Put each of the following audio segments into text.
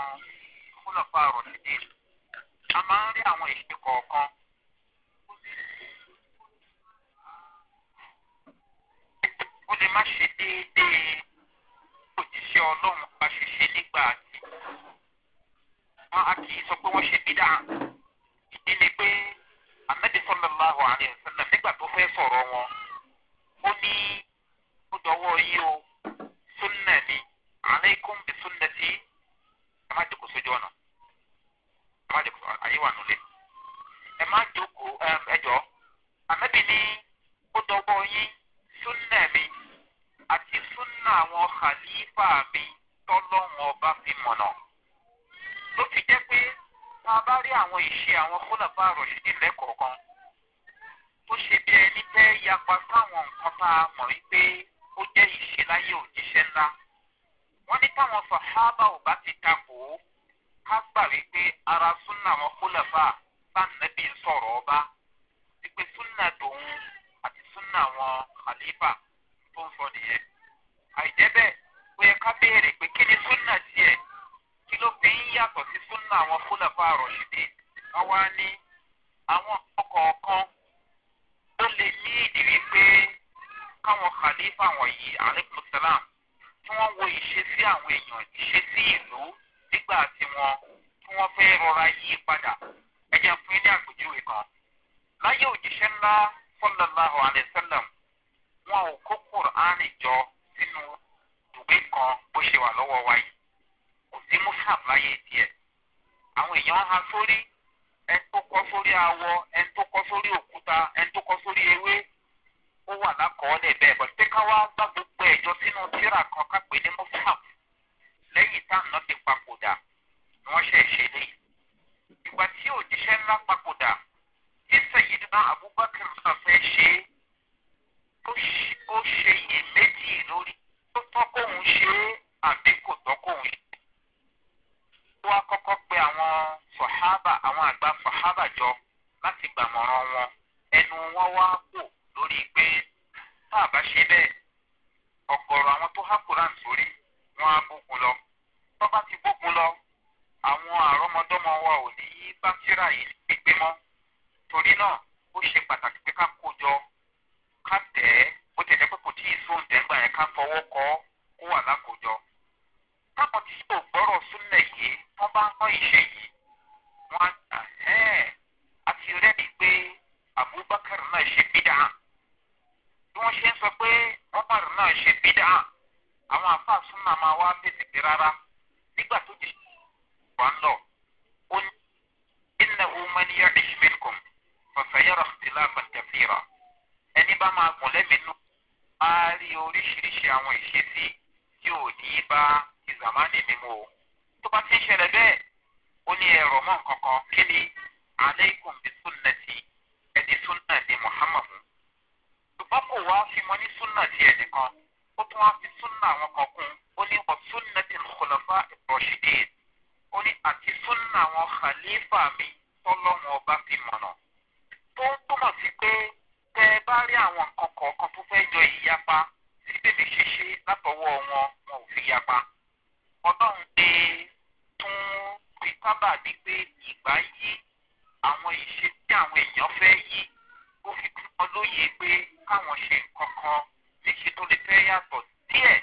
àwọn kúlọ̀fà rọ̀ṣídìí. yapa sáwọn nǹkan tá a mọ̀ wípé ó jẹ́ ìṣeláyé òjíṣẹ́ ńlá wọ́n ní táwọn sọ̀hábà ò bá ti takò ó ká gbà wípé ara súnà wọn kólẹ̀fà sànẹ́bí ń sọ̀rọ̀ ọba wípé súnà tòun àti súnà wọn khalifa tó ń sọ nìyẹn àìjẹ́ bẹ́ẹ̀ ó yẹ ká béèrè pé kí ni súnà tiẹ̀ kí ló fi ń yàtọ̀ sí súnà wọn kólẹ̀fà rọ̀ṣìdì wọ́n wá ní àwọn khalifa wọ̀nyí alekusalam tí wọ́n wo ìṣesí àwọn èèyàn ìṣesí ìlú nígbà tí wọ́n tí wọ́n fẹ́ rọra yí padà ẹ̀jẹ̀ fún ilé àpèjúwe kan. láyé òjíṣẹ́ ńlá sọ́láláhùn alẹ́sẹ́lẹ̀m wọn ò kó kùránì jọ sínú dùgbé kan bó ṣe wà lọ́wọ́ wa yìí kò sí mushaf láyé tiẹ̀ àwọn èèyàn ha sórí ẹni tó kọ́ sórí awọ ẹni tó kọ́ sórí òkúta ẹni tó kọ́ sórí ewé ó wà lákọọ́lẹ̀ bẹ́ẹ̀ bọ̀ pé ká wá gbá gbogbo ẹ̀jọ́ sínú tíra kan ká pè ní mustaf lẹ́yìn táwọn náà ti papòdà ni wọ́n ṣe ṣe lé ìgbà tí òjíṣẹ́ ńlá papòdà tí sẹ̀yìndínlá abubakar sọ fẹ́ é ó ṣe iyèméjì lórí àwọn khalifa mi tọ́lọ́run ọba fi mọ̀nà tó ń túmọ̀ sí pé tẹ́ ẹ bá rí àwọn nǹkan kọ̀ọ̀kan tó fẹ́ jọ ìyapa sí bèbè ṣeṣe látọwọ́ wọn wọn ò fi yapa ọlọ́run pé tún fi sábà ní pé ìgbà yí àwọn ìṣe tí àwọn èèyàn fẹ́ yí ó fi kún wọn lóye pé káwọn ṣe nǹkan kan níṣe tó lè fẹ́ yàtọ̀ díẹ̀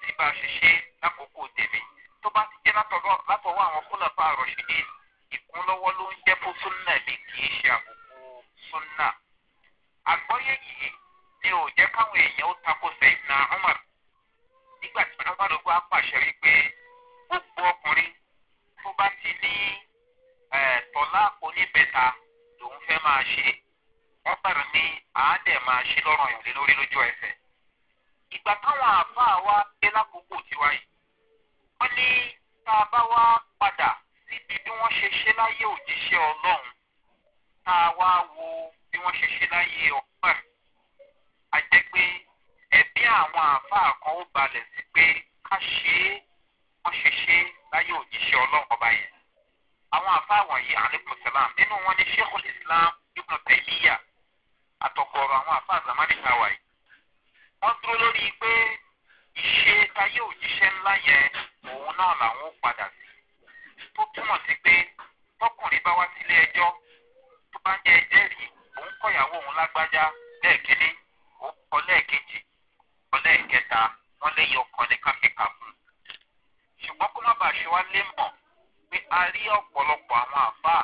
tí bá a ṣe ṣe lákòókò tèmi tó bá ti jẹ́ látọwọ́ àwọn kólàfà rọ̀ṣìdì ìkúnlọ́wọ́ ló ń jẹ́ fún súnà ní kì ṣe àbùkù súnà. àgbọ́yé yìí ni ò jẹ́ káwọn èèyàn ó takò sẹ́yìn náà umar nígbà tí wọn bá lọ gbọ́ apàṣẹ wípé gbogbo ọkùnrin tó bá ti ní tọ́lá oníbẹ̀ta lòún fẹ́ máa ṣe umar ní àádẹ́ máa ṣe lọ́rùn ìlélórí lójú ẹsẹ̀. ìgbà táwọn àáfàá wa dé lákòókò tiwa yìí wọ́n ní tá a bá wá padà síbi bí wọ́n ṣe ṣe láyé òjíṣẹ́ ọlọ́run tá a wá wo bí wọ́n ṣe ṣe láyé ọpẹ́ a jẹ́ pé ẹ̀bí àwọn àáfàá kan ó balẹ̀ sí pé ká ṣe é wọ́n ṣe ṣe láyé òjíṣẹ́ ọlọ́run ọba yẹn. àwọn àáfàá wọ̀nyí aleykum salam nínú wọn ni sheikh islam ibn taymiya àtọkọ̀rọ̀ àwọn àáfàá zamani hawaii. wọ́n dúró lórí pé ìṣe táyé òjíṣẹ́ ńlá yẹn òun náà làwọn ó padà sí tó túmọ̀ sí pé tọkùnrin bá wá sílé ẹjọ́ tó bá ń jẹ́ ẹjẹ́rìí òun kọ̀yàwó òun lágbájá lẹ́ẹ̀kínní òun kọ lẹ́ẹ̀kejì kọ lẹ́ẹ̀kẹta wọ́n lẹ́yìn ọkọ̀ ní káfíńkà fún un ṣùgbọ́n kó má bàa ṣe wá lé mọ̀ pé a rí ọ̀pọ̀lọpọ̀ àwọn àfáà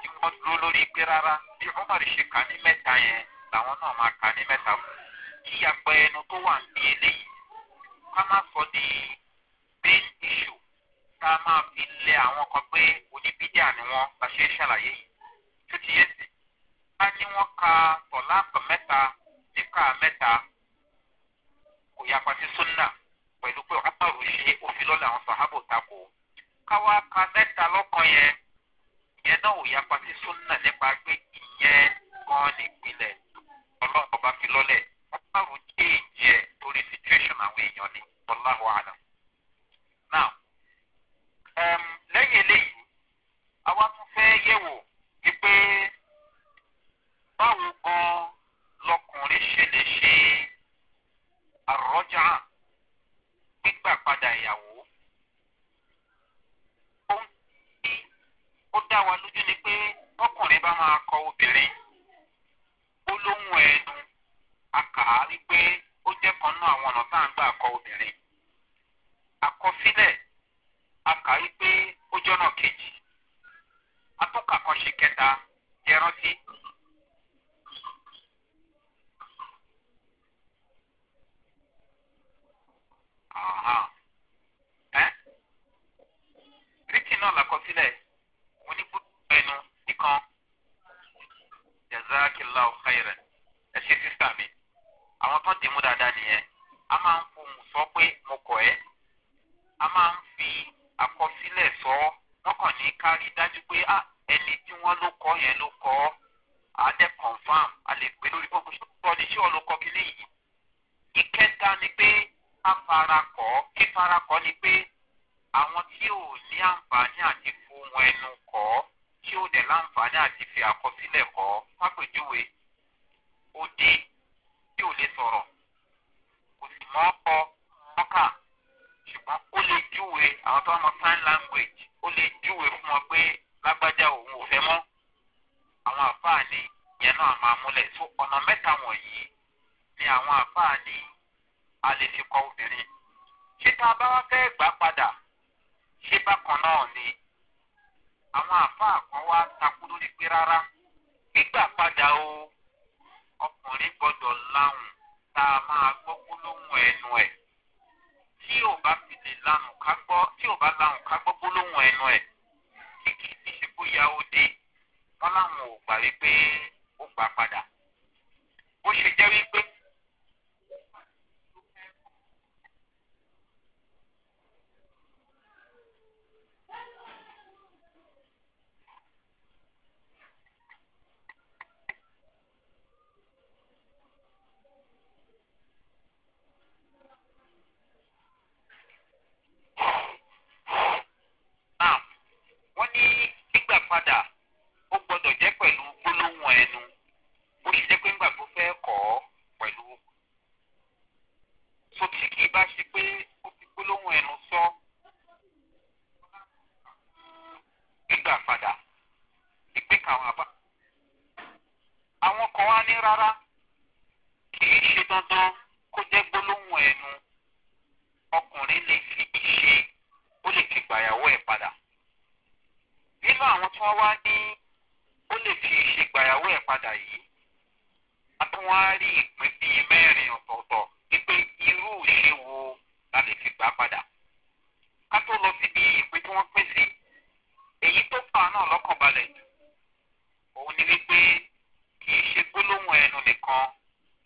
tí wọ́n dúró lórí pé rárá bí umar ṣe kà ní mẹ́ta yẹn làwọn náà máa ní mẹ́ta fún un kí sọ di main issue tá a máa fi lẹ àwọn kan pé oníbídíà ni bá ṣe ṣàlàyé yìí tó ti yé sí bá ní ka tọ̀láàpù mẹ́ta níkà mẹ́ta kò yapa sí súnà pẹ̀lú pé ọ̀rọ̀ ṣe òfin lọ́la àwọn sàhábò tako ka mẹ́ta lọ́kàn yẹn ìyẹn náà ò yapa sí súnà nípa pé ìyẹn fi lọ́lẹ̀ ìjẹ́ now um, lẹ́yìn eléyìí àwa tún fẹ́ yẹ̀wò wípé báwo gan lọkùnrin ṣe lè ṣe àrọ́jà gbígbà padà ìyàwó. ohun tí ó dá wa lójú ni pé tọkùnrin bá máa kọ obìnrin ó lóhùn ẹnu a kà á wípé ó jẹ́ kan náà àwọn ọ̀nà tá à ń gbà kọ obìnrin. ṣùgbọ́n ó lè júwe àwọn tó ń mọ sign language ó lè júwe fún wọn pé lágbájá òun ò fẹ́ mọ́ àwọn àfáàní yẹn náà máa múlẹ̀ so ọ̀nà mẹ́ta wọ̀nyí ni àwọn àfáàní a lè fi kọ obìnrin ṣé tá a bá wá fẹ́ gbà padà ṣé bákan náà ni àwọn àfáà kan wá takú lórí pé rárá gbígbà padà o ọkùnrin gbọdọ̀ láwùn tá a máa gbọ́ gbólóhùn ẹnu ẹ̀ tí o bá fi lè lanu ká gbọ́ tí ò bá lanu ká gbọ́ gbólóhùn ẹnu ẹ̀ tí kì í ṣe bóyá ó dé wọ́n láwọn ò gbà wípé ó gbà padà bó ṣe jẹ́ wípé padà ó gbọ́dọ̀ jẹ́ pẹ̀lú gbólóhùn ẹnu bó ṣe jẹ́ pé ńgbà tó fẹ́ kọ́ ọ pẹ̀lú. so tí kì í bá ṣe pé ó fi gbólóhùn ẹnu sọ gbígbà padà kàwọn àbá. àwọn kan wá rárá kì í ṣe dandan kó jẹ́ ẹnu ọkùnrin lè fi ó lè fi gbàyàwó tí wọ́n wá ní ó lè fi ṣègbàyàwó ẹ̀ padà yìí a tún wá rí ìpín bíi mẹ́rin ọ̀tọ̀ọ̀tọ̀ wípé irú ìṣe wo la lè fi gbà padà ká tó lọ síbi ìpín tí wọ́n pín sí èyí tó fà náà lọ́kàn balẹ̀ òun ni wípé kì í ṣe gbólóhùn ẹnu nìkan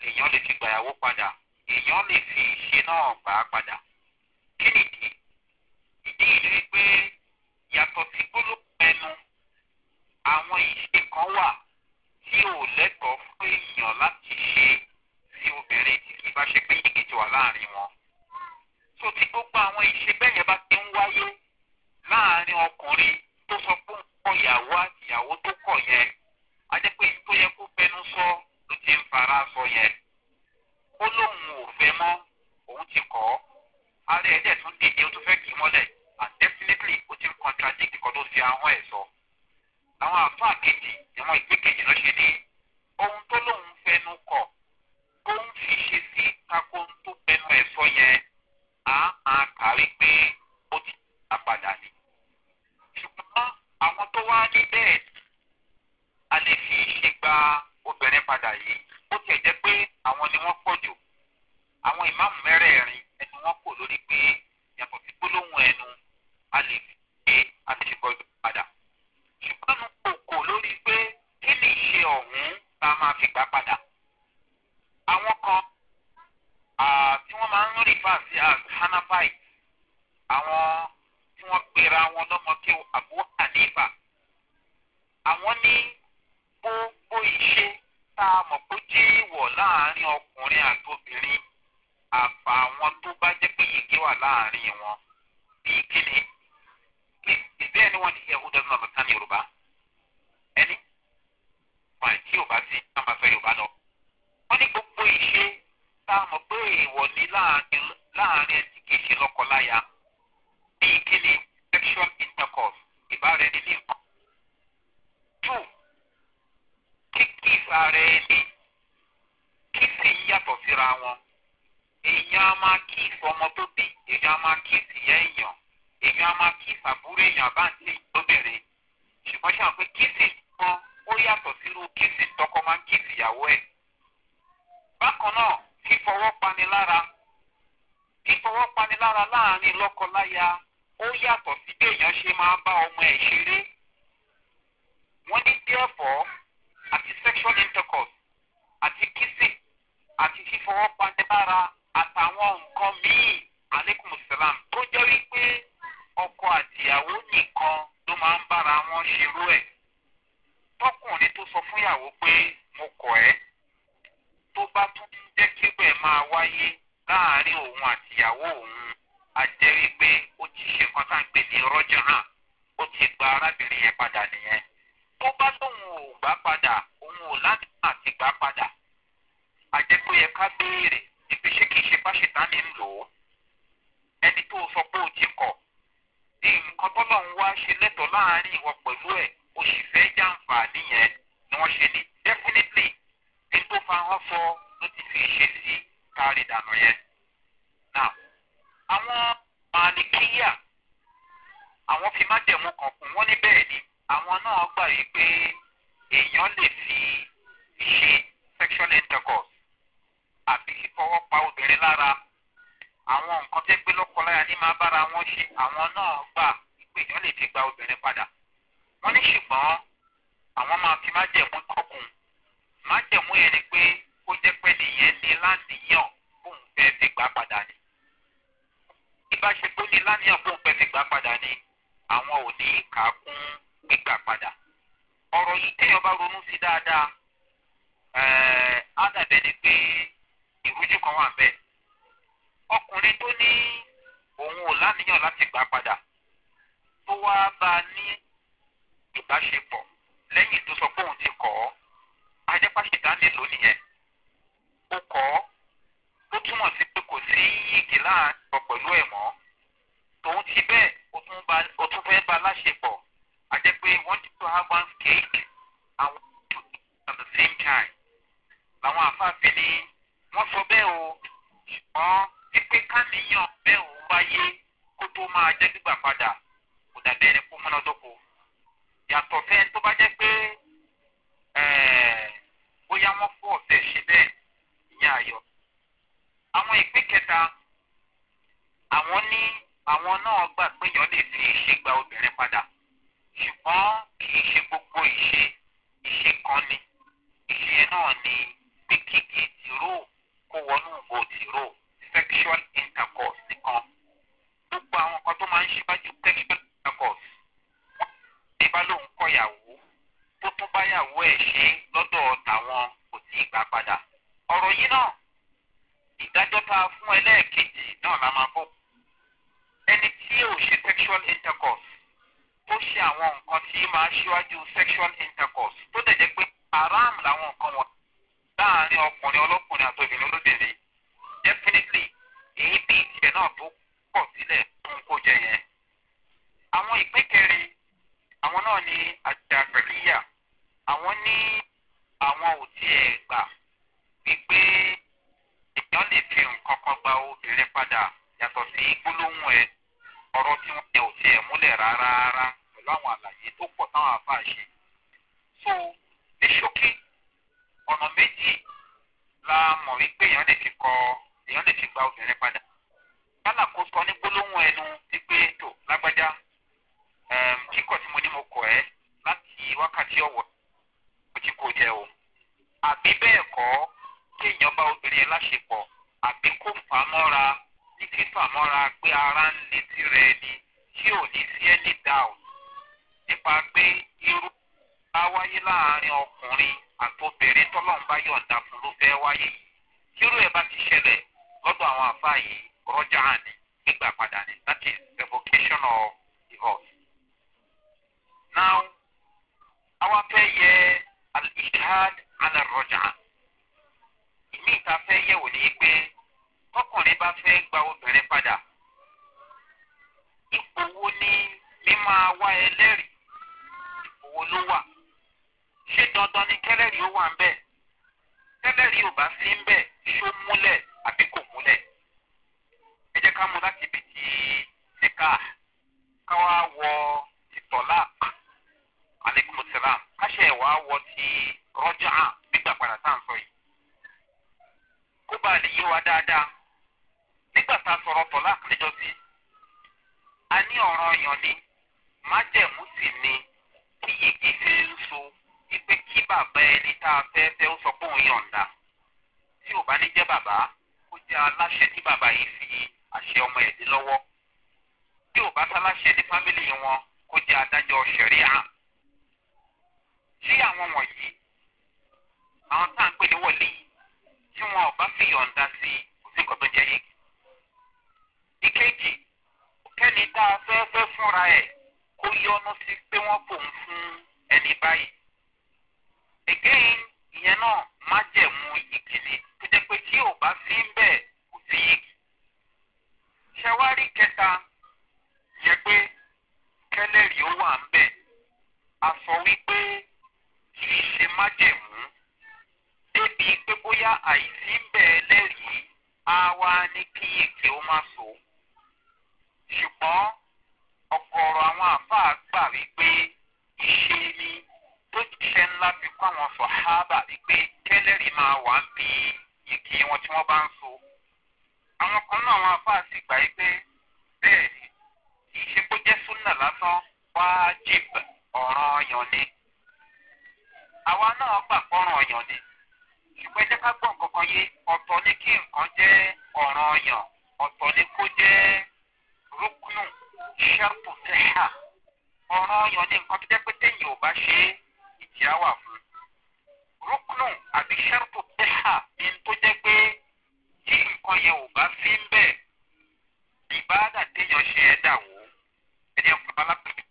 èèyàn lè fi gbàyàwó padà èèyàn lè fi ìṣe náà gbà padà kí nìdí ìdí yìí wípé yàtọ̀ sí gbólóhùn àwọn ìṣe kan wà tí ò lẹ́tọ̀ọ́ fún èèyàn láti ṣe sí obìnrin tí kì í bá ṣe pé yìgì ti wà láàrin wọn. tó ti gbogbo àwọn ìṣe bẹ́ẹ̀ yẹn bá ti ń wáyé láàrin ọkùnrin tó sọ pé ń kọ ìyàwó àti ìyàwó tó kọ̀ yẹn a jẹ́ pé tó yẹ kó fẹnu sọ ló ti ń fara sọ yẹn. ó lóun ò fẹ́ mọ́ òun ti kọ̀ ara ẹ̀ dẹ̀ tún dìde ó tún fẹ́ kì í mọ́lẹ̀ and definitely ó ti ń contradict nǹkan tó fi ahọ́n ẹ̀ sọ. So àwọn àfa kejì àwọn ìpín kejì ló ṣe ní ohun tó lóun fẹnu kọ tó ń fi ṣe sí tako tó fẹnu ẹ sọ yẹn á máa kàwé pé ó ti apàdà ni. ṣùgbọ́n àwọn tó wá ní bẹ́ẹ̀ a lè fi ṣe gba obìnrin padà yìí ó tiẹ̀ jẹ́ pé àwọn ni wọ́n pọ̀ jù àwọn ìmáàmù mẹ́rẹ̀ẹ̀rin ẹni wọ́n kò lórí pé yàtọ̀ sí gbólóhùn ẹnu a lè fi ṣe àtẹ̀ṣẹ́gbọ́dọ̀ padà ìpinnu kòkò lórí pé kí ni ìṣe ọ̀hún tá a máa fi gbà padà. Àwọn kan tí wọ́n máa ń rìfà sí as Hanafite, àwọn tí wọ́n pera wọn lọ́mọ kí Abu Hanifa, àwọn ní gbogbo ìṣe tá a mọ̀ pé jẹ́ ìwọ̀ láàrin ọkùnrin àti obìnrin àfàwọn tó bá jẹ́ pé yìí kí wà láàrin wọn. Bí kíni? bẹ́ẹ̀ ni wọ́n ní yahuda ní ọmọ sani yorùbá ẹni wọn àti yorùbá sí àmà fẹ́ yorùbá lọ. wọ́n ní gbogbo ìṣe tá a mọ̀ pé èèwọ̀ ní láàrin ẹ̀sìn kì í ṣe lọ́kọ̀láya bíi kí ni sexual intercourse ìbára ẹni ní nǹkan. two kíkí ìfara ẹni kí sì ń yàtọ̀ síra wọn èèyàn á máa kí ìfọmọ tó bí èèyàn á máa kí ìsìyẹ́ èèyàn èèyàn a máa kí ìfàbúrò èèyàn àbáǹtí lóbìnrin ṣùgbọ́n ṣáà pé kíìsì kan ó yàtọ̀ sínú kíìsì tọkọ máa ń kíìsì ìyàwó ẹ̀. bákan náà fífọwọ́ panilára fífọwọ́ panilára láàrin lọ́kọ-láya ó yàtọ̀ sí bí èèyàn ṣe máa bá ọmọ ẹ̀ ṣeré. wọ́n ní díẹ̀fọ́ àti sexual intercourse àti kíìsì àti fífọwọ́ panilára àtàwọn nǹkan míì aleykum salam tó jẹ́ wípé ọkọ àtìyàwó nìkan ló máa ń bára wọn ṣerú ẹ̀ tọkùnrin tó sọ fúnyàwó pé mo kọ̀ ẹ́ tó bá tún jẹ́ kígbẹ́ máa wáyé láàrin òun àtìyàwó òun a jẹ́ wípé ó ti ṣe nǹkan tá à ń pè ní rọ́jò náà ó ti gba arábìnrin yẹn padà nìyẹn tó bá lóun ò gbá padà òun ò láti àti gbá padà a jẹ́ pé ó yẹ ká béèrè ìpèsè kìí ṣe bá ṣètá ní lò ó ẹni tó sọ pé ó ti kọ̀ nǹkan tọ́lọ̀ ń wá ṣe lẹ́tọ̀ọ́ láàárín ìwọ pẹ̀lú ẹ̀ o sì fẹ́ jàǹfààní yẹn ni wọ́n ṣe ní definitely ní tó fa hàn sọ ló ti fi ṣe sí kárí dànù yẹn. now àwọn màníkíyà àwọn fi má jẹ̀mú kan wọ́n ní bẹ́ẹ̀ ni àwọn náà gbà yí pé èèyàn lè fi ṣe sexual intercourse àbí fífọwọ́ pa obìnrin lára àwọn nǹkan tó gbé lọ́kọláya ní máa bára wọn ṣe àwọn náà gbà pé èèyàn lè fi gba obìnrin padà wọ́n ní ṣùgbọ́n àwọn máa fi májẹ̀mú tọkùn májẹ̀mú yẹn ni pé ó jẹ́ pé nìyẹn ní láníyàn fóun fẹ́ fi gbà padà ni ìbáṣepọ̀ ní láníyàn fóun fẹ́ fi gbà padà ni àwọn ò ní kà á kún gbígbà padà ọ̀rọ̀ yìí téèyàn bá ronú sí dáadáa á dàbẹ́ ni pé ìrújú kan wà bẹ́ẹ̀ ọkùnrin tó ní òun ò láníyàn láti gbà padà tó wá bá a ní ìbáṣepọ̀ lẹ́yìn tó sọ pé òun ti kọ̀ ọ́ ajẹ́pàṣẹ̀dánì ló ó kọ́ ọ́ ó túmọ̀ sí pé kò sí yìgì láàárọ̀ pẹ̀lú ẹ̀ mọ́ tòun ti bẹ́ẹ̀ ó tún fẹ́ bá a láṣepọ̀ ajẹ́ pé wọ́n ti have one cake and one to at the same time làwọn àfáàfin ni wọ́n sọ bẹ́ẹ̀ o ṣùgbọ́n jẹ́ pé káníyàn bẹ́ẹ̀ ò wáyé kó tó máa jẹ́ gbígbà padà kò dàbí ẹni kó múnádóko yàtọ̀ fẹ́ tó bá jẹ́ pé bóyá wọ́n fọ́ ọ̀fẹ́ ṣe bẹ́ẹ̀ ìyá ayọ̀ àwọn ìpín kẹta àwọn ní àwọn náà. la mọ̀ wípé èèyàn lè fi kọ èèyàn lè fi gba obìnrin padà. yálà kó sọ ní gbólóhùn ẹnu wípé tò lágbájá kíkọ̀ tí mo ní mo kọ̀ ẹ́ láti wákàtí ọ̀wọ̀ ó ti kó jẹ o. àbí bẹ́ẹ̀ kọ́ kéèyàn bá obìnrin yẹn láṣepọ̀ àbí kó fà á mọ́ra ní fífà mọ́ra pé ara ń lé tirẹ̀ ni tí ò ní sí any doubt nípa pé irú. bá wáyé láàrin ọkùnrin àtobìnrin tọ́lọ́n bá yọ̀ǹda fún ló fẹ́ wáyé yìí kírú ẹ̀ bá ti ṣẹlẹ̀ lọ́dọ̀ àwọn àfa yìí rọ́jà ni gbígbà padà ni that is revocation of divorce. now àwa fẹ́ yẹ al-ishad ala rọ́jà ìmí ìta fẹ́ yẹ wò ní pé tọkùnrin bá fẹ́ gba obìnrin padà ipò wo ni mímáa wá ẹlẹ́rìí ipò wo ló wà. Se dandan ni kẹlẹri ó wà ń bẹ̀ kẹlẹ́rì ò bá sí ń bẹ̀ ṣó múlẹ̀ àbí kò múlẹ̀ ẹ jẹ́ ká mú láti ibi tí níkà ká wá wọ ìtọ́lá aleykum salam ká ṣe wá wọ ti rọ́jà gbígbà padà tá à ń sọ yìí kó bá lè yé wa dáadáa nígbà tá a sọ̀rọ̀ tọ́lá níjọ́ sí a ní ọ̀ràn ọ̀yàn ni májẹ̀mú sì ni kí yege ṣe ń so wípé kí bàbá ẹni tá a fẹ́ fẹ́ ó sọ pé òun yọ̀ǹda tí ò bá ní jẹ́ bàbá ó jẹ́ aláṣẹ tí bàbá yìí fi àṣẹ ọmọ ẹ̀ lé lọ́wọ́ tí ò bá sáláṣẹ ní fámìlì wọn kó jẹ́ adájọ́ ṣẹ̀ríà tí àwọn wọ̀nyí àwọn tá à ń pè ní wọ̀lé tí wọn ò bá fi yọ̀ǹda sí kò sí nǹkan tó jẹ́ yìí. ìkejì kẹ́ni tá a fẹ́ fẹ́ fúnra ẹ̀ kó yọnu sí pé wọ́n fòun fún ẹni báyìí again ìyẹn náà májẹ̀mú yìgì ni tó jẹ́ pé tí ò bá sí ń bẹ̀ kò sí yìgì. ṣẹwárí kẹta yẹ pé kẹlẹ́rì ó wà ń bẹ̀ a sọ wípé kì í ṣe májẹ̀mú débi pé bóyá àìsí ń bẹ̀ ẹlẹ́rìí á wá kí yìgì ó má so ṣùgbọ́n ọ̀gọ̀ọ̀rọ̀ àwọn àfáà gbà wípé ìṣe ni. tó ṣiṣẹ́ ńlá fi kọ́ àwọn sọ̀hábà wípé kẹ́lẹ́rì máa wà ń bí yìgì wọn tí wọ́n bá ń so. àwọn kan náà àwọn afáà sì gbà yí pé bẹ́ẹ̀ ni súnà lásán wájib ọ̀ràn àwa náà gbà ọyàn ni. jẹ́ ká yé ọ̀tọ̀ ni kí nǹkan jẹ́ ọ̀ràn ọyàn ọ̀tọ̀ ni kó jẹ́ rúkúnù ṣẹ́pù tẹ̀hà tí a wà fún. rúknù àbí ṣẹ́rùtù tẹ́hà ni tó jẹ́ pé tí nǹkan yẹn ò bá sí ń bẹ̀ ìbáàdà téèyàn ṣe é dà wò ẹ jẹ́ fún alápèjì.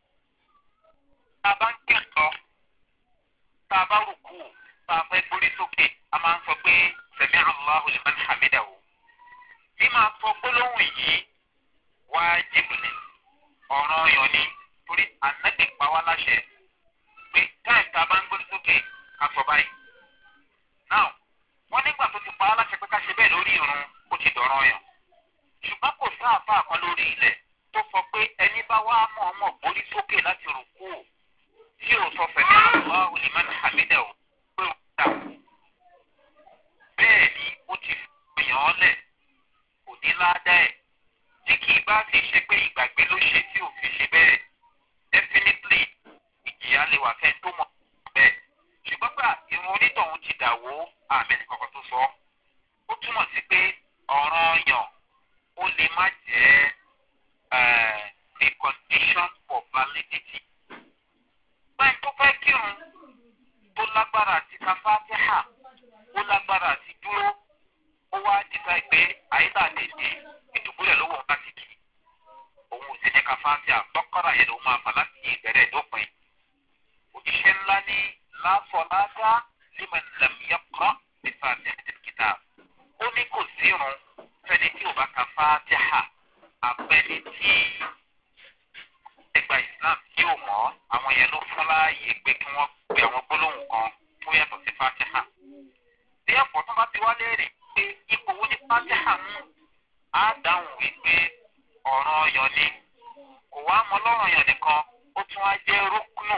tá a bá ń kí lọ tá a bá rùkú tá a fẹ́ gbórí sókè a máa ń sọ pé sẹ̀mí aláhùn lè máa ń hàmídà wò. bí máa sọ gbólóhùn yìí wáá jìbìlì ọ̀ràn ọ̀yàn ni torí ànágbèpá wa láṣẹ pé táìmù tá a bá ń gbórí sókè ká sọ báyìí. now wọ́n nígbà tó ti pa á láṣẹ pé ká ṣe bẹ́ẹ̀ lórí irun ó ti dọ̀rọ̀ yàn. ṣùgbọ́n kò sáàfà kan lórí ilẹ̀ tó sọ pé ẹni bá wá mọ̀ọ́mọ̀ gbórí sókè láti rò kú ò tí ò sọ fẹ̀mí àlùwá olùmọ̀nà àmìdẹ̀ ò pé ó dà kú. bẹ́ẹ̀ ni ó ti fìyàn ọ́ lẹ̀ kò ní ládàá ẹ̀ tí kì í bá ti ṣe pé ìgbàgbé ló ṣe tí ò fi ṣe bẹ́ẹ̀ definitely ìyá lè fẹ́ tó mọ̀ bẹ́ẹ̀ ṣùgbọ́n gbà irun onítọ̀hún ti dà àmì nìkọ̀kọ̀ tó sọ ó túmọ̀ sí pé ọ̀ràn yàn ó lè má jẹ́ the condition for validity báyìí tó fẹ́ kírun tó lágbára àti kafáfíà ó lágbára àti dúró ó wá dìgbà pé àyíká lè di ìdùbúlẹ̀ lówó láti kì òun ò sì ní kafáfíà bọ́kọ́rà yẹn ló máa fà láti ìbẹ̀rẹ̀ dópin òjíṣẹ́ ńlá ní láfọlágá límọ̀lẹ́mìyàpọ̀ nípa àtẹ̀kítà ó ní kò sí irun fẹ́ni tí ò bá ka fátíhà àbẹ́ni tí ẹgbà islam tí ò mọ́ àwọn yẹn ló fún láàyè pé kí wọ́n pe àwọn gbólóhùn kan tó yàtọ̀ sí fátíhà bí ẹ̀pọ̀ tó bá ti wá léèrè pé ipò wo ní fátíhà mú á dáhùn wípé ọ̀ràn ọyọ̀ ni kò wá mọ́ lọ́rùn ọyọ̀ nìkan ó tún á jẹ́ rókùnù.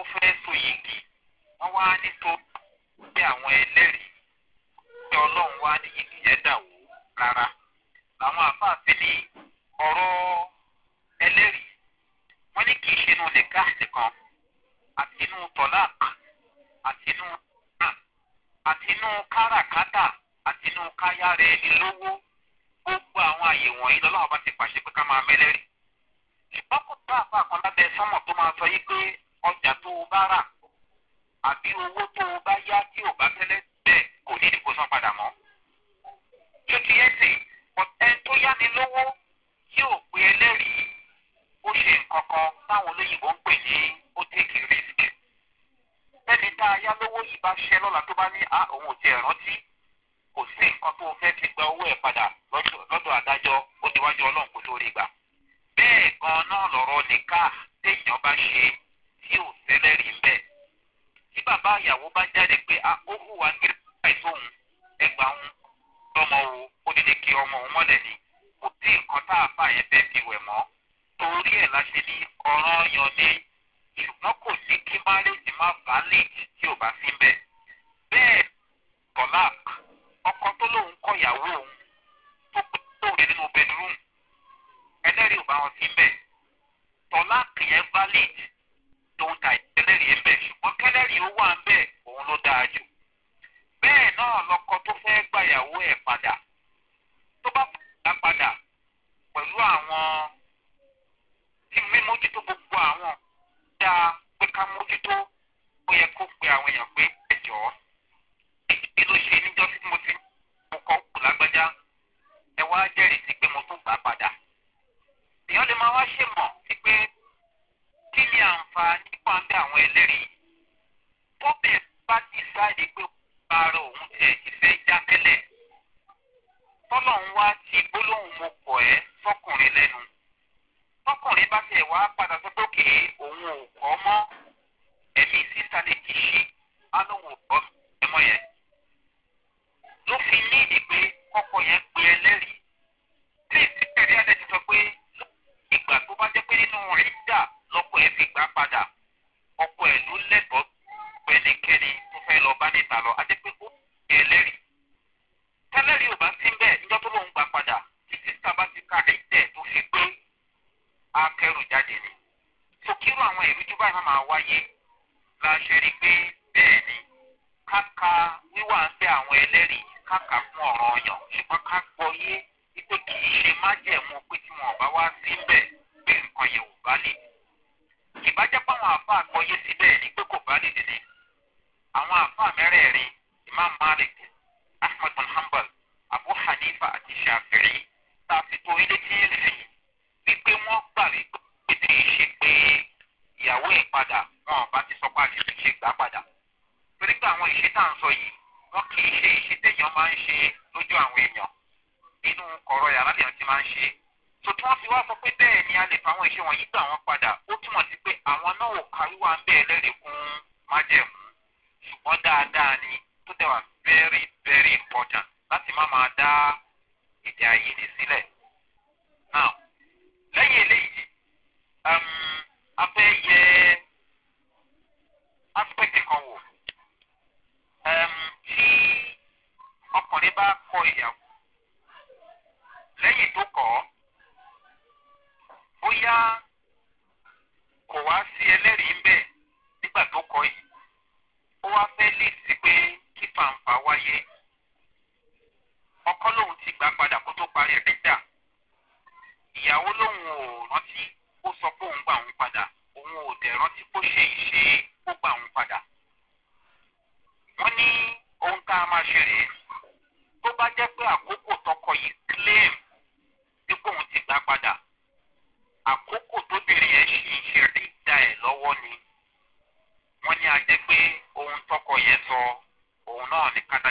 ofe fẹ́ so yìgì wọ́n wá nítorí àwọn ẹlẹ́rìí tí ọlọ́run wá ní yìgì yẹn dà wó rárá làwọn àfáà fi ní ọ̀rọ̀ ẹlẹ́rìí wọ́n ní kì í kan inú nìkà nìkan àti inú tọ́lák àti inú náà àti inú káràkátà àti gbogbo àwọn àyè ti pàṣẹ pé ká máa sọ́mọ̀ ọjà tó o bá rà àbí owó tó o bá yá tí o bá tẹ́lẹ̀ bẹ́ẹ̀ kò ní ìdìbò san padà mọ́. ṣé ti ẹ́ sè ọ̀tẹ́ tó yáni lówó tí ò pé ẹlẹ́rìí o ṣe olóyìnbó ń pè ní o tèkì risk. ẹni tá a yá lówó yìí lọ́la tó bá ní a ah, òun ò tiẹ̀ kò sí nǹkan tó gba owó ẹ̀ padà lọ́dọ̀ adájọ́ ó gbà. bẹ́ẹ̀ tí ò tẹ́lẹ̀ rí bẹ́ẹ̀. tí bàbá ìyàwó bá jáde pé ó hùwà ní àìsóhun ẹgbà òun lọ́mọ wo ó dédé kí ọmọ òun mọ́lẹ̀ ni kò tí nǹkan tá a fà yẹn bẹ́ẹ̀ fi wẹ̀ mọ́ torí ẹ̀ la ṣe ní ọ̀ràn yan ni ṣùgbọ́n kò sí kí márèèjì má valid tí ò bá sí bẹ́ẹ̀. bẹ́ẹ̀ tọ́lák ọkọ tó lóun kọ ìyàwó òun tó pé tóun nínú bedroom ẹlẹ́rìí ò bá wọn sí bẹ́ẹ̀ tọ́lák yẹn valid tòun ta ìkẹlẹ́rìí ń bẹ̀ ṣùgbọ́n kẹlẹ́rìí ó wà ń bẹ̀ òun ló dáa jù. bẹ́ẹ̀ náà lọkọ tó fẹ́ gbàyàwó ẹ̀ padà tó bá gbà padà pẹ̀lú àwọn tí mímójútó gbogbo àwọn dá pé ká mójútó ó yẹ kó pe àwọn èèyàn pé ẹ̀jọ̀ kí ló ṣe níjọ́ tí mo ti mo kọ́ kù lágbájá ẹ wá jẹ́rìí sí pé mo tún gbà padà. èèyàn lè máa wá ṣèmọ̀ sí pé kí ni àǹfààní kan bí àwọn ẹlẹ́rìí tóbẹ̀ bá ti sáré pé ara òun tẹ̀ ti fẹ́ já tẹ́lẹ̀ tọ́lọ́hún wá ti gbólóhùn mo kọ̀ ẹ́ sọkùnrin lẹ́nu tọkùnrin bá tẹ̀ wá padà sọ pé òkè òun ò kọ́ mọ́ ẹ̀mí sísá lè ti ṣe á lóun ò kọ́ ẹmọ yẹn ló fi ní ìdìgbé kọ́kọ́ yẹn pe ẹlẹ́rìí tí ìsìnkú ẹ̀rí ẹ̀dẹ̀ ti sọ pé ìgbà tó bá jẹ́ pé nínú ìjà. lọ́pọ̀ ẹ̀ fi gbà padà ọkọ ẹ̀ ló lẹ́tọ̀ọ́ pẹ́nikẹ́ni tó fẹ́ lọ bá níta lọ àti pé ó ẹlẹ́rìí tẹ́lẹ̀rìí ò bá sí bẹ́ẹ̀ níjọ́ tó lóun gbà padà títí ti tó fi ni tó àwọn báyìí máa wáyé la ṣe ni káka wíwà ń àwọn ẹlẹ́rìí káka fún ọ̀yàn ṣùgbọ́n ká gbọ́ yé wípé kì í ṣe májẹ̀mú pé tí wọn ò bá wá sí bẹ́ẹ̀ nǹkan ìbájẹ́pọ̀ àwọn àfa àkọyé síbẹ̀ ni pé kò bá nídìí ni àwọn àfa mẹ́rẹ̀ẹ̀rin imam malik ahmed bin hanbal abu hanifa àti shafi'i tá a fi tó ilé tí ń sìn wípé wọ́n gbà wípé pété ṣe pé ìyàwó ìpadà wọn ọba ti sọ pé àti ti ṣe gbà padà torí pé àwọn ìṣe tá à ń sọ yìí wọn kì í ṣe ìṣe téèyàn máa ń ṣe lójú àwọn èèyàn nínú kọ̀ọ̀rọ̀ yàrá lèèyàn ti máa ń ṣe tuntun ti wá sọ pé bẹ́ẹ̀ ni a lè fa àwọn ìṣe wọ̀nyí gbà wọ́n padà ó túmọ̀ sí pé àwọn náà ò káríwá ń bẹ́ẹ̀ lẹ́rìí májẹ̀mú ṣùgbọ́n dáadáa ni tó dẹ̀ very very important láti má máa dá èdè àìyedè sílẹ̀. now lẹ́yìn eléyìí um, a fẹ́ yẹ aspect kan wò um, tí ọkùnrin bá kọ ìyàwó. bóyá kò wá sí ẹlẹ́rìí ń bẹ̀ nígbà tó kọ yìí ó wá fẹ́ lè sí pé kí fàǹfà wáyé ọkọ lòun ti gbà padà kó tó parí ẹ̀ dídà ìyàwó lòun ò rántí ó sọ pé òun gbà òun padà òun ò dẹ̀ rántí kó ṣe ìṣe ó gbà òun padà wọ́n ní ohun tá a máa ṣe rèé.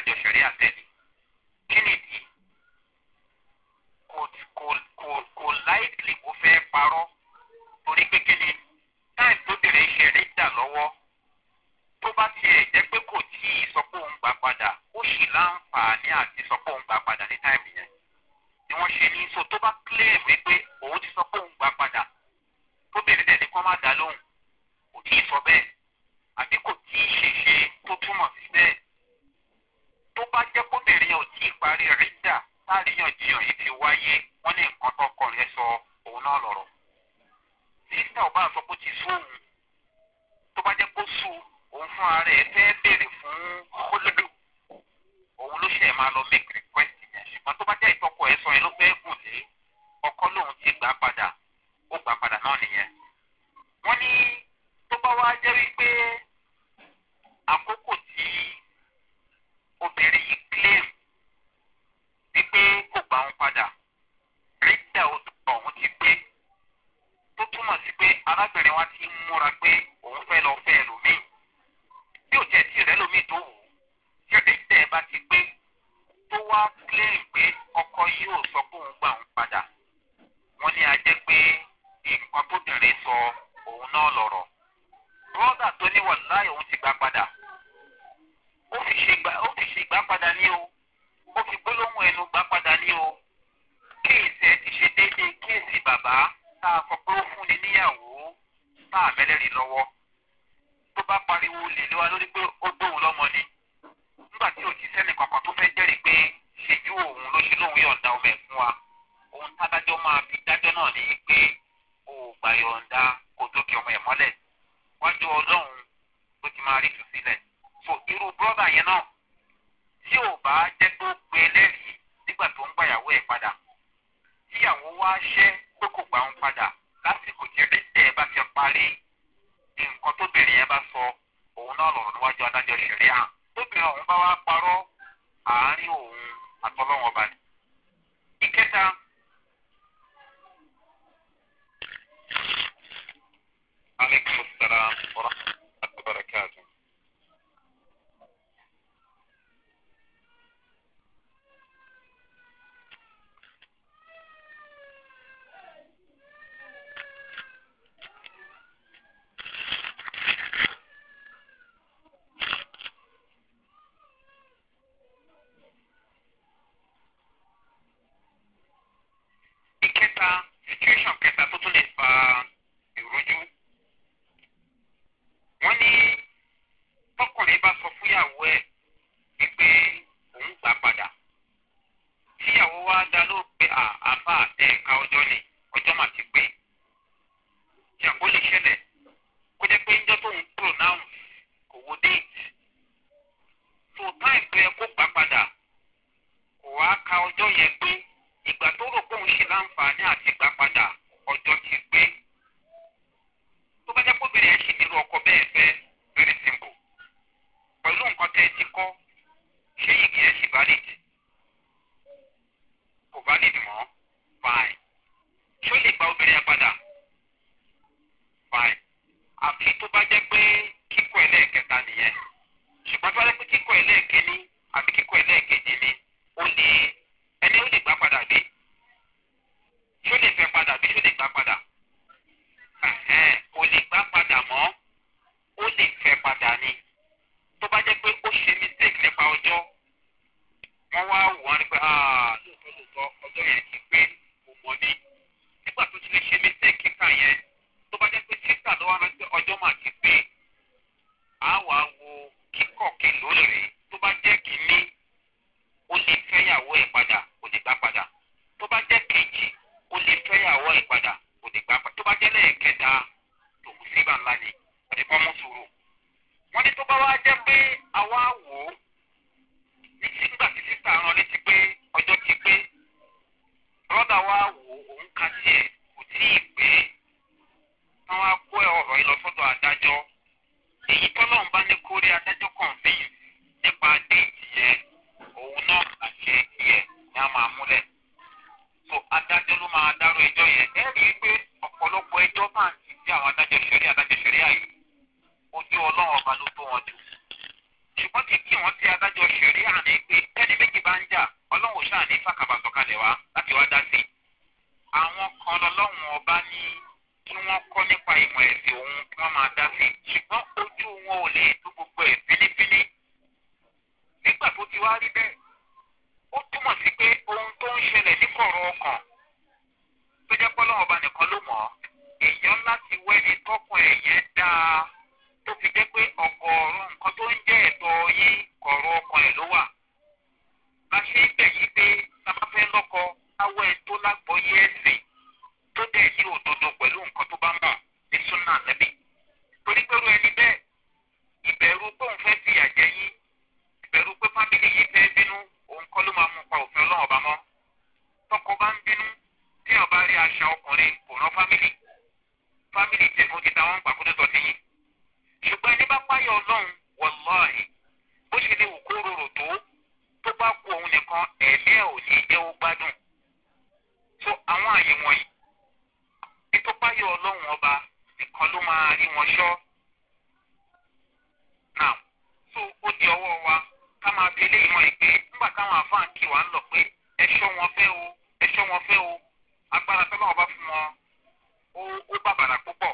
تو شری àríyànjiyàn yìí ti wáyé wọ́n ní nǹkan tọkọ rẹ̀ sọ òun náà lọ̀rọ̀. sísítà ò bá sọ pé ó ti sún òun tó bá jẹ́ kó sùn òun fún ara ẹ̀ fẹ́ béèrè fún kólódò òun ló ṣẹ̀ máa lọ make request yẹn ṣùgbọ́n tó bá jẹ́ ìtọ́kọ ẹ̀ sọ yẹn ló fẹ́ gùn lé ọkọ lòun ti gbà padà ó gbà padà náà nìyẹn. wọ́n ní tó bá wá jẹ́ wípé àkókò tí obìnrin yìí claim wípé kò gbà wọn padà rídà oṣù ọ̀hún ti pé tó túmọ̀ sí pé arábìnrin wa ti ń múra pé òun fẹ́ lọ fẹ́ ẹlòmíì bí ò jẹ́ tí rẹ̀ lómi tó wù ú tí rídà ẹ̀ bá ti pé tó wá kílẹ̀rì pé ọkọ yóò sọ pé òun gbà wọn padà wọ́n ní ajẹ́ pé nǹkan tó bẹ̀rẹ̀ sọ òun náà lọ̀rọ̀ bọ́dà tó ní wàláyé òun ti gbà padà ó fi ṣe gbà padà ní o ó fi gbólóhùn ẹnu gbà padà ní o kéèsì ẹ ti ṣe déédéé kéèsì bàbá tá a sọ pé ó fúnni níyàwó tá a mẹ́lẹ́rìí lọ́wọ́ tó bá pariwo lè lọ́wọ́ lórí pé ó gbóhùn lọ́mọ ni nígbà tí òjì sẹ́ni kankan tó fẹ́ jẹ́rìí pé ṣèjú òun ló ṣe lóun yọ̀ǹda ọmọ ẹ̀ fún wa ohun tádájọ́ máa fi dájọ́ náà ní pé o ò gbà yọ̀ǹda kó tó kí ọmọ ẹ̀ mọ́lẹ̀ wájú ọlọ́run ló ti máa rí tù sílẹ̀ so irú bọ́dà yẹn náà tí ò bá jẹ́ tó pe ẹlẹ́rìí nígbà tó ń gbàyàwó ẹ̀ padà tíyàwó wá ṣẹ́ pé kò gbà ń padà lásìkò tí ẹ bá ti parí nǹkan tóbìnrin yẹn bá sọ òun náà lọ̀rọ̀ níwájú adájọ́ à kẹta situation kẹta tó tún lè fa ìrójú. wọ́n ní tọkùnrin bá sọ fúyàwó ẹ̀ wípé òun gbà padà. tíyàwó wa dá ló pé àbá ẹ̀ka ọjọ́ ni ọjọ́ mà ti pé. ìyàwó lè ṣẹlẹ̀ kó jẹ́ pé ń jọ́ tóun aṣọ ọkùnrin kò rán fámìlì fámìlì tẹ̀ fún títa wọn pàkúndé tọ́ yìí ṣùgbọ́n ẹni bá páyọ̀ ọlọ́run wọ̀lọ́ọ̀hìn bó ṣe lè wù tó tó bá kú òun nìkan ẹ̀mí ẹ̀ ò ní jẹ́ gbádùn so àwọn àyè wọ̀nyí ní tó páyọ̀ ọlọ́run ọba nìkan ló máa rí wọn ṣọ́ náà so ó di ọwọ́ wa ká máa fi eléyìí mọ́ ẹ pé nígbà táwọn àfáà ń kí wa ń lọ pé ẹ̀ṣọ́ wọn fẹ́ o ẹ̀ṣọ́ wọn fẹ́ o agbára tọ́lọ́ ọba fún wọn ó ó bàbàrà púpọ̀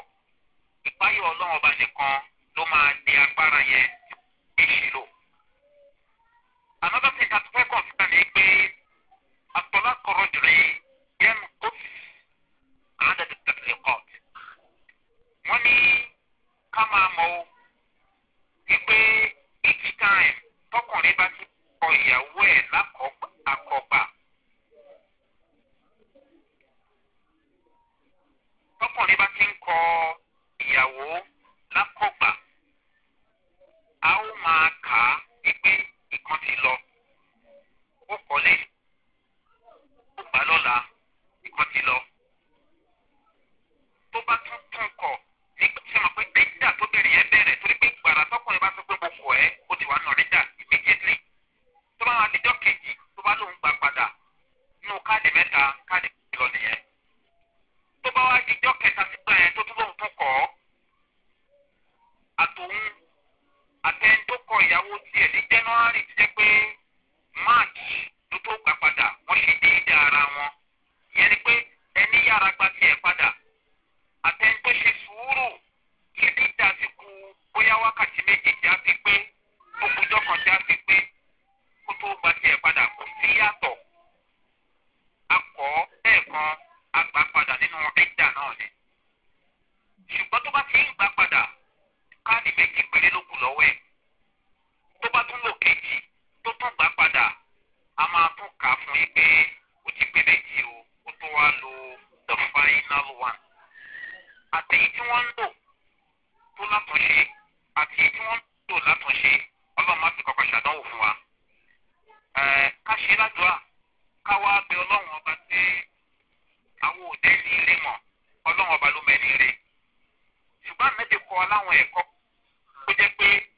ìpáyọ̀ ọlọ́run ọba nìkan ló máa di agbára yẹn ìṣèlò. another thing that we consider ni pé atọ́lá kọ̀rọ̀ jùlọ yẹn kó àádọ́ta tẹ̀lé court. wọ́n ní ká máa mọ o wípé each time tọkùnrin bá ti kọ ìyàwó ẹ̀ lákọ̀ọ́gbà. tọkùnrin bá ti ń kọ ìyàwó lákọ̀gbà a ó máa kà á wípé ìkan ti lọ ó kọ́lé ó gbà lọ́la ìkan ti lọ tó bá tún.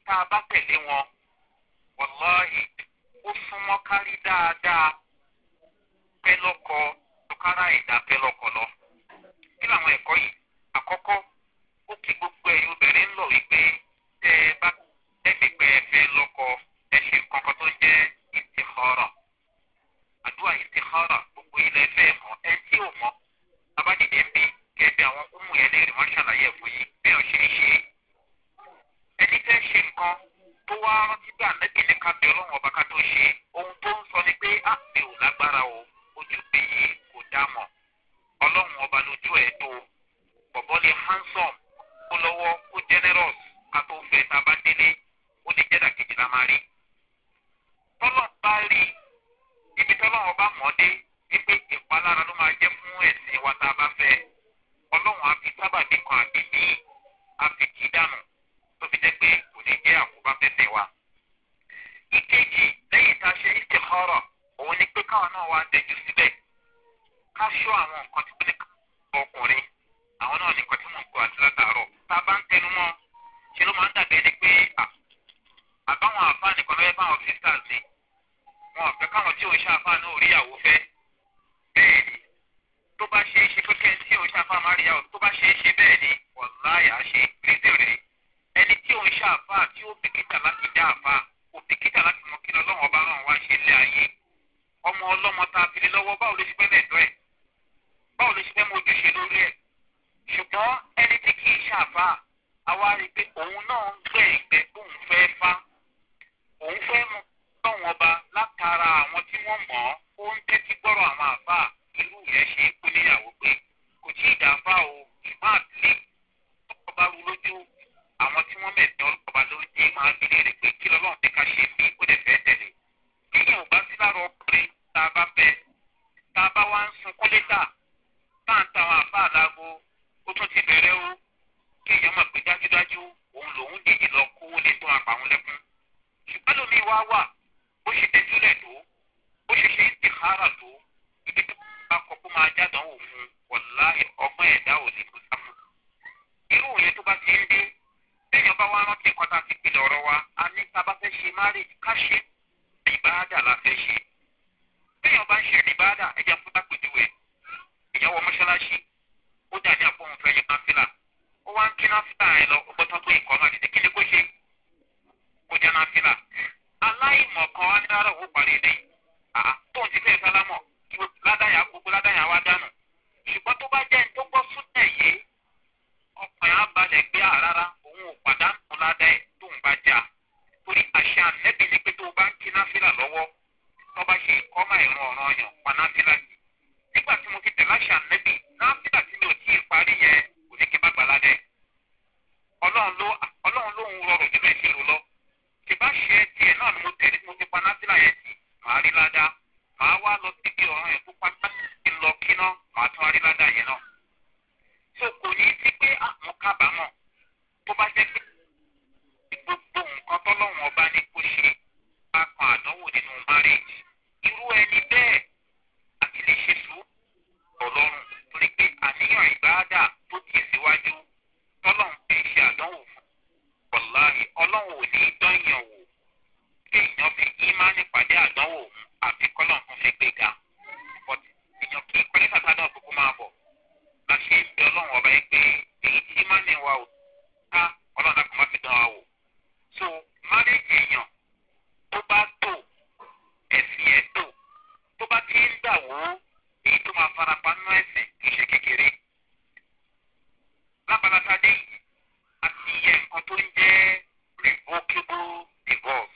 tá a bá tẹ̀lé wọn wàláhì ó súnmọ́ kárí dáadáa pẹ́ lọ́kọ tọ́kárà ìdá pẹ́ lọ́kọ lọ. kí làwọn ẹ̀kọ́ yìí àkọ́kọ́ ó kí gbogbo ẹ̀yin obìnrin ń lọ wípé tẹ́ ẹ bá ẹgbẹ̀gbẹ̀ ẹ̀fẹ́ lọ́kọ ẹ ṣe kankan tó jẹ́ ìtìkọ́rọ̀ àdúrà ìtìkọ́rọ̀ gbogbo ilẹ̀ ẹ̀fẹ́ mọ̀ ẹ tí ò mọ̀ abájídé ń bí kẹ̀ẹ́bí àwọn ọmọ yẹn lè rí wọ́n ṣàlàyé ẹ̀fọ́ yìí bẹ́ẹ̀ ṣe ṣe é ẹni tẹ́ ṣe nǹkan tó wá rántí pé ànábì ní ká bẹ ọlọ́run ọba ká tó ṣe ohun tó ń sọ ni pé á mi ò lágbára o ojú mi yìí kò dá mọ̀ ọlọ́run ọba lójú ẹ̀ tó bọ̀bọ́ ni handsome kó lọ́wọ́ kó generous ká tó fẹ́ tá a bá délé ó lè jẹ́ dàkejì la máa rí tọ́lọ̀ bá rí ibi tọ́lọ̀ ọba mọ́dé wípé ìpalára ló máa jẹ́ fún ẹ̀sìn wa tá a bá fẹ́ ọlọ́run á fi sábàbí kan àbí bíi á dànù tó fi jẹ́ pé kò ní jẹ́ àkóbá fẹ́fẹ́ wa. ìkejì lẹ́yìn tá a ṣe ìtìkọ́rọ̀ òun ni pé káwọn náà wá dẹjú síbẹ̀ ká ṣọ́ àwọn nǹkan tí wọ́n ní ọkùnrin àwọn náà ní nǹkan tí mò ń àti látàárọ̀ tá a bá ń tẹnu mọ́ ṣe ló máa ń dàbí ẹni pé àbáwọn àfa nìkan lọ́yẹ́ báwọn sisters ni wọn fẹ́ káwọn tí òun ṣàfà náà rí ìyàwó fẹ́ bẹ́ẹ̀ ni tó bá ṣe é ṣe pé kẹ́ńtì òun ṣàfà má rí ìyàwó tó bá ṣe é ṣe bẹ́ẹ̀ ni wọ́n láyà ṣe é lédè rẹ̀ òun ṣe àfa tí ó bìkítà láti dá àfa kò bìkítà láti mọ kí lọ́wọ́ ọba ràn wá ṣe lé ayé ọmọ ọlọ́mọ ta abiri lọ́wọ́ báwo ló ṣe fẹ́ lẹ́tọ́ ẹ̀ báwo ló ṣe fẹ́ mojú ṣe lórí ẹ̀ ṣùgbọ́n ẹni tí kì í ṣe àfa àwa rí i pé òun náà ń gbẹ ìgbẹ́ tóun fẹ́ fá òun fẹ́ mọ lọ́wọ́ ọba látara àwọn tí wọ́n mọ̀ ọ́ ó ń tẹ́tí gbọ́rọ̀ àwọn àfa irú yẹn ṣe é pé níyàwó pé kò tí ì dàáfà o ìmọ̀ àtìlẹ́yìn ọba rú lójú àwọn tí wọ́n mẹ̀tọ́ ọba ló jẹ́ máa bí léèrè pé kí lọ́lọ́run ní ká ṣe bí ó dẹ̀ fẹ́ tẹ̀lé. kíyàn bá sí lára ọkùnrin tá a bá bẹ tá a bá wá ń sunkún létà tá à ń ta àwọn àbá àlágo ó tún ti bẹ̀rẹ̀ o kéèyàn mọ̀ pé dájúdájú òun lòún dìde lọ kówó lè tó àpà òun lẹ́kún. ṣùgbọ́n lómi wá wà bó ṣe tẹ́júlẹ̀ tó bó ṣe ṣe ń tìkára tó ibi tó bá máa jádánwò kó sáfù. irú téèyàn bá wá rántí nǹkan tá a ti pèlè ọ̀rọ̀ wa a ní tá a bá fẹ́ ṣe marriage ká ṣe ìbáàdà la fẹ́ ṣe téèyàn bá ń ṣe ìbáàdà ẹ̀já fún lápèjúwe ìyàwó mọ́ṣáláṣí ó dàdí àpòhùn fẹ́ yẹn káfílà ó wá ń kí náfílà ẹ lọ ọgbọ́n tó tó ìkọ́ náà dídí kí ni kó ṣe kó jẹ́ náfílà aláìmọ̀ kan á ní rárá òwò parí eléyìí tóun ti fẹ́ẹ́ pàdánù ládàá ẹ̀ tó ń bá torí àṣà nẹ́bí pé tó bá ń kí náfìlà lọ́wọ́ tó bá ṣe ọ̀ràn ọ̀yàn pa náfìlà ti tẹ̀ náfìlà tí mi tí ì parí yẹn kò ní kí n bá gbà ọlọ́run ló lọ tí bá ṣe tiẹ̀ náà ni mo tẹ̀lé mo ti pa náfìlà yẹn màá rí màá wá lọ síbi ọ̀ràn tó bá jẹ́ pé gbogbo nǹkan tọ́lọ́run ọba ní kó ṣe bá kan àdánwò nínú márẹ́ẹ̀jì irú ẹni bẹ́ẹ̀ àti lè ṣe sùn ọlọ́run torí pé àníyàn ìgbáàdà tó tì síwájú tọ́lọ́run fi ṣe àdánwò fún wàláhì ọlọ́run ò ní dányàn wò kí èèyàn fi ìmánì pàdé àdánwò àfi kọ́lọ́run fún fi gbéga èèyàn kì í pẹ́ ní sàtánà gbogbo máa bọ̀ láṣẹ ìgbẹ́ ọlọ́run ọba ẹgbẹ́ èyí tí ìmánì wa ò t ká ọlọ́dà kò má fi dán wa wò. so marriage èèyàn tó bá tò ẹ̀sìn ẹ̀ tò tó bá ti ń dà wó èyí tó máa farapa nínú ẹ̀sìn kì í ṣe kékeré. lábalatadé yìí àti iye nǹkan tó ń jẹ́ revocable divorce.